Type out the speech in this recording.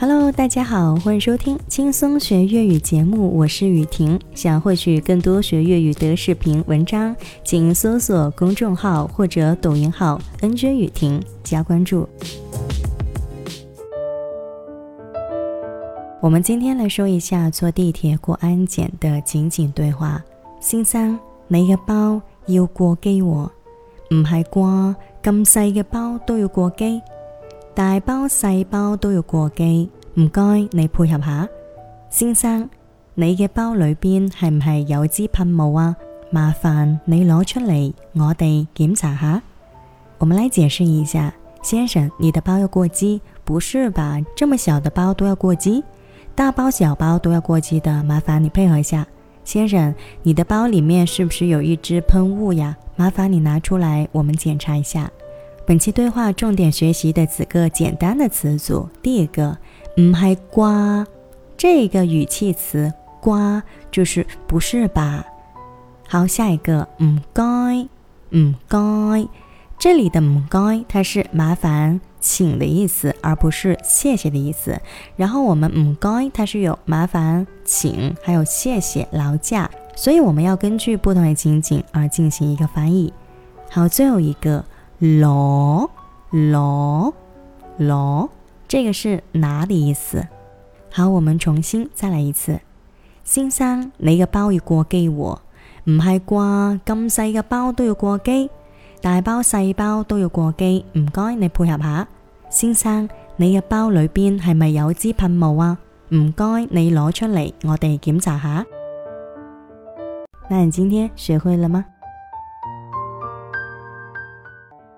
Hello，大家好，歡迎收聽輕鬆學粵語節目，我是宇婷。想獲取更多學粵語的視頻文章，請搜索公眾號或者抖音號“ NJ 宇婷”加關注。 我們今天來說一下坐地鐵過安檢的情景對話。先生，你的包要過給我過機喔。唔係啩？咁細嘅包都要過機？大包細包都要過機，唔該你配合下。先生，你嘅包裏邊係唔係有支噴霧啊？麻煩你攞出嚟，我哋檢查下。我們來解釋一下，先生，你的包要過機。不是吧？這麼小的包都要過機？大包小包都要過機的，麻煩你配合一下，先生，你的包裏面是不是有一支噴霧呀？麻煩你拿出來，我們檢查一下。本期對話重點學習的幾個簡單的詞組，第一個唔係啩，這個語氣詞“啩”就是不是吧？好，下一個唔該，唔該，這裏的唔該它是麻煩請的意思，而不是謝謝的意思。然後我們唔該它是有麻煩請，還有謝謝勞駕，所以我們要根據不同的情景而進行一個翻譯。好，最後一個。攞攞攞，這個是拿的意思。好，我們重新再來一次。先生，你嘅包要過機喎，唔係啩？咁細嘅包都要過機，大包細包都要過機。唔該，你配合下。先生，你嘅包裏邊係咪有支噴霧啊？唔該，你攞出嚟，我哋檢查下。那你今天學會了嗎？